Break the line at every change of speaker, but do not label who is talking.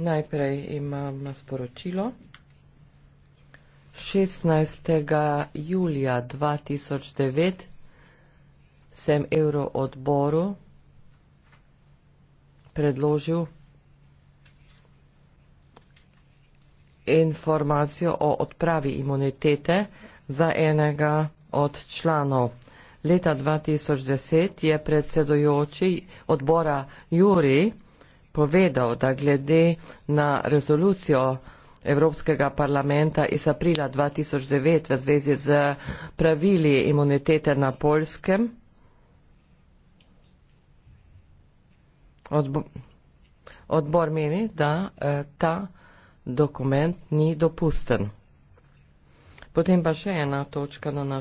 Najprej imam sporočilo. 16. julija 2009 sem Euro odboru predložil informacijo o odpravi imunitete za enega od članov. Leta 2010 je predsedojoči odbora Juri povedal, da glede na rezolucijo Evropskega parlamenta iz aprila 2009 v zvezi z pravili imunitete na Polskem, odbo odbor meni, da eh, ta dokument ni dopusten. Potem pa še ena točka na naš